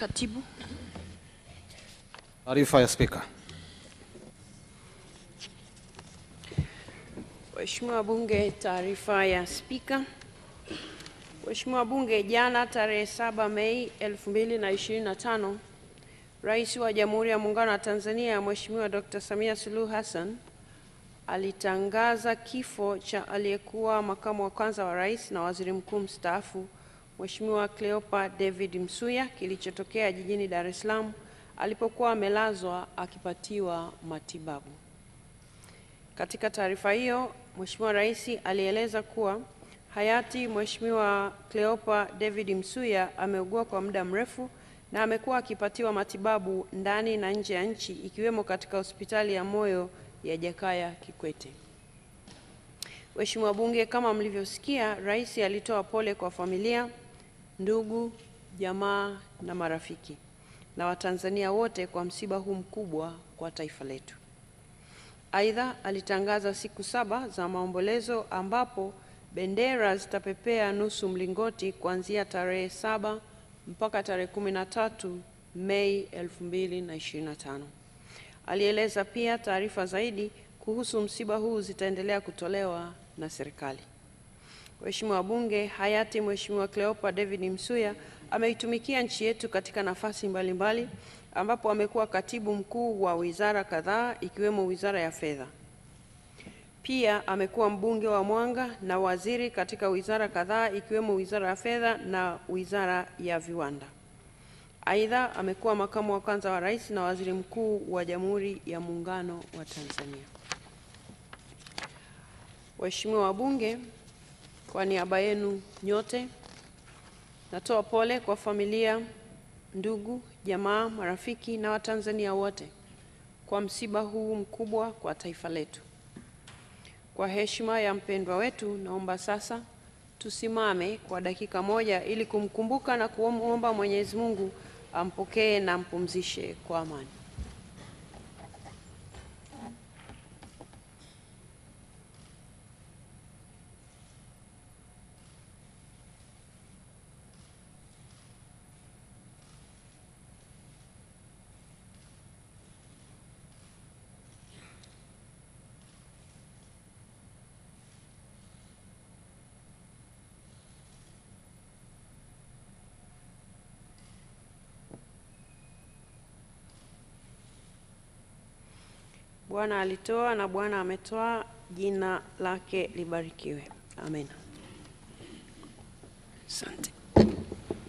Katibu. Taarifa ya Spika. Mheshimiwa Bunge, taarifa ya Spika. Mheshimiwa Bunge, jana tarehe 7 Mei 2025, Rais wa Jamhuri ya Muungano wa Tanzania Mheshimiwa Dr. Samia Suluhu Hassan alitangaza kifo cha aliyekuwa makamu wa kwanza wa rais na waziri mkuu mstaafu Mheshimiwa Cleopa David Msuya kilichotokea jijini Dar es Salaam alipokuwa amelazwa akipatiwa matibabu. Katika taarifa hiyo, Mheshimiwa Rais alieleza kuwa hayati Mheshimiwa Cleopa David Msuya ameugua kwa muda mrefu na amekuwa akipatiwa matibabu ndani na nje ya nchi ikiwemo katika hospitali ya moyo ya Jakaya Kikwete. Mheshimiwa Bunge, kama mlivyosikia, Rais alitoa pole kwa familia ndugu, jamaa na marafiki na Watanzania wote kwa msiba huu mkubwa kwa taifa letu. Aidha, alitangaza siku saba za maombolezo ambapo bendera zitapepea nusu mlingoti kuanzia tarehe saba mpaka tarehe kumi na tatu Mei 2025. Alieleza pia taarifa zaidi kuhusu msiba huu zitaendelea kutolewa na serikali. Mheshimiwa wabunge, hayati Mheshimiwa Cleopa David Msuya ameitumikia nchi yetu katika nafasi mbalimbali mbali, ambapo amekuwa katibu mkuu wa wizara kadhaa ikiwemo Wizara ya Fedha. Pia amekuwa mbunge wa Mwanga na waziri katika wizara kadhaa ikiwemo Wizara ya Fedha na Wizara ya Viwanda. Aidha, amekuwa makamu wa kwanza wa rais na waziri mkuu wa Jamhuri ya Muungano wa Tanzania. Waheshimiwa wabunge, kwa niaba yenu nyote natoa pole kwa familia, ndugu, jamaa, marafiki na Watanzania wote kwa msiba huu mkubwa kwa taifa letu. Kwa heshima ya mpendwa wetu, naomba sasa tusimame kwa dakika moja ili kumkumbuka na kumwomba Mwenyezi Mungu ampokee na ampumzishe kwa amani. Bwana alitoa na Bwana ametoa, jina lake libarikiwe. Amen. Asante.